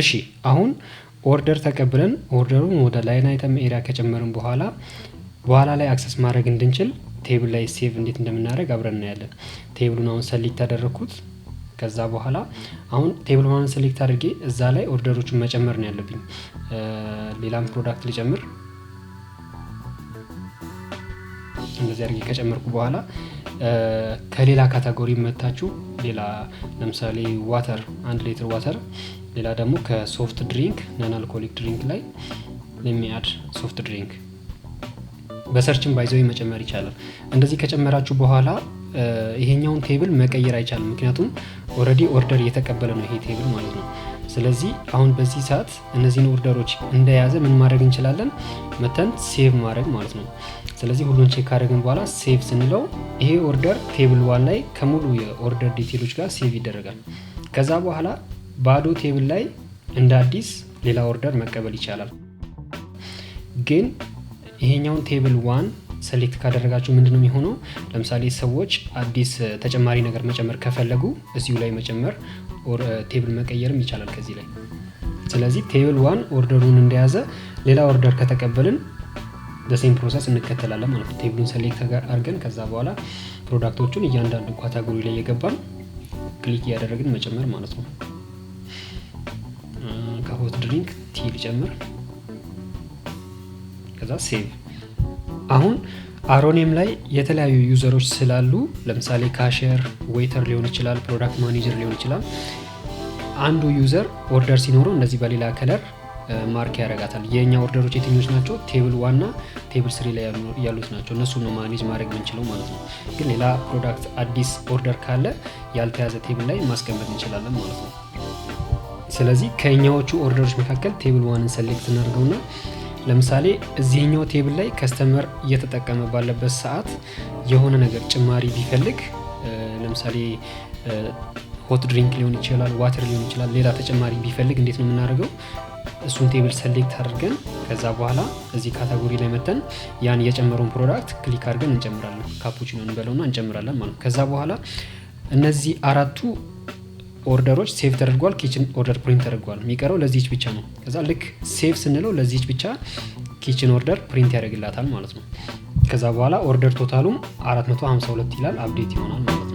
እሺ አሁን ኦርደር ተቀብለን ኦርደሩን ወደ ላይን አይተም ኤሪያ ከጨመርን በኋላ በኋላ ላይ አክሰስ ማድረግ እንድንችል ቴብል ላይ ሴቭ እንዴት እንደምናደርግ አብረን እናያለን። ቴብሉን አሁን ሰሊክት አደረግኩት። ከዛ በኋላ አሁን ቴብል ማን ሰሌክት አድርጌ እዛ ላይ ኦርደሮቹን መጨመር ነው ያለብኝ። ሌላም ፕሮዳክት ሊጨምር እንደዚህ አድርጌ ከጨመርኩ በኋላ ከሌላ ካታጎሪ መታችሁ ሌላ ለምሳሌ ዋተር አንድ ሌትር ዋተር ሌላ ደግሞ ከሶፍት ድሪንክ ነን አልኮሊክ ድሪንክ ላይ የሚያድ ሶፍት ድሪንክ በሰርችን ባይዘዊ መጨመር ይቻላል። እንደዚህ ከጨመራችሁ በኋላ ይሄኛውን ቴብል መቀየር አይቻልም። ምክንያቱም ኦረዲ ኦርደር እየተቀበለ ነው ይሄ ቴብል ማለት ነው። ስለዚህ አሁን በዚህ ሰዓት እነዚህን ኦርደሮች እንደያዘ ምን ማድረግ እንችላለን? መተን ሴቭ ማድረግ ማለት ነው። ስለዚህ ሁሉን ቼክ ካደረግን በኋላ ሴቭ ስንለው ይሄ ኦርደር ቴብል ዋን ላይ ከሙሉ የኦርደር ዲቴሎች ጋር ሴቭ ይደረጋል። ከዛ በኋላ ባዶ ቴብል ላይ እንደ አዲስ ሌላ ኦርደር መቀበል ይቻላል። ግን ይሄኛውን ቴብል ዋን ሰሌክት ካደረጋችሁ ምንድን ነው የሚሆነው? ለምሳሌ ሰዎች አዲስ ተጨማሪ ነገር መጨመር ከፈለጉ እዚሁ ላይ መጨመር ቴብል መቀየርም ይቻላል ከዚህ ላይ። ስለዚህ ቴብል ዋን ኦርደሩን እንደያዘ ሌላ ኦርደር ከተቀበልን በሴም ፕሮሰስ እንከተላለን ማለት ነው። ቴብሉን ሰሌክት አድርገን ከዛ በኋላ ፕሮዳክቶቹን እያንዳንዱ ካታጎሪ ላይ የገባን ክሊክ እያደረግን መጨመር ማለት ነው። ሶፍት ድሪንክ ቲ ልጨምር፣ ከዛ ሴቭ። አሁን አሮኔም ላይ የተለያዩ ዩዘሮች ስላሉ ለምሳሌ ካሸር፣ ዌይተር ሊሆን ይችላል፣ ፕሮዳክት ማኔጀር ሊሆን ይችላል። አንዱ ዩዘር ኦርደር ሲኖረው እንደዚህ በሌላ ከለር ማርክ ያደርጋታል። የእኛ ኦርደሮች የትኞች ናቸው? ቴብል ዋና ቴብል ስሪ ላይ ያሉት ናቸው። እነሱ ነው ማኔጅ ማድረግ የምንችለው ማለት ነው። ግን ሌላ ፕሮዳክት አዲስ ኦርደር ካለ ያልተያዘ ቴብል ላይ ማስቀመጥ እንችላለን ማለት ነው። ስለዚህ ከኛዎቹ ኦርደሮች መካከል ቴብል ዋንን ሰሌክት እናድርገውና ለምሳሌ እዚህኛው ቴብል ላይ ከስተመር እየተጠቀመ ባለበት ሰዓት የሆነ ነገር ጭማሪ ቢፈልግ ለምሳሌ ሆት ድሪንክ ሊሆን ይችላል፣ ዋተር ሊሆን ይችላል፣ ሌላ ተጨማሪ ቢፈልግ እንዴት ነው የምናደርገው? እሱን ቴብል ሰሌክት አድርገን ከዛ በኋላ እዚህ ካታጎሪ ላይ መተን ያን የጨመረውን ፕሮዳክት ክሊክ አድርገን እንጨምራለን። ካፑቺኖ እንበለውና እንጨምራለን ማለት ነው። ከዛ በኋላ እነዚህ አራቱ ኦርደሮች ሴቭ ተደርጓል። ኪችን ኦርደር ፕሪንት ተደርጓል። የሚቀረው ለዚች ብቻ ነው። ከዛ ልክ ሴቭ ስንለው ለዚች ብቻ ኪችን ኦርደር ፕሪንት ያደርግላታል ማለት ነው። ከዛ በኋላ ኦርደር ቶታሉም 452 ይላል። አብዴት ይሆናል ማለት ነው።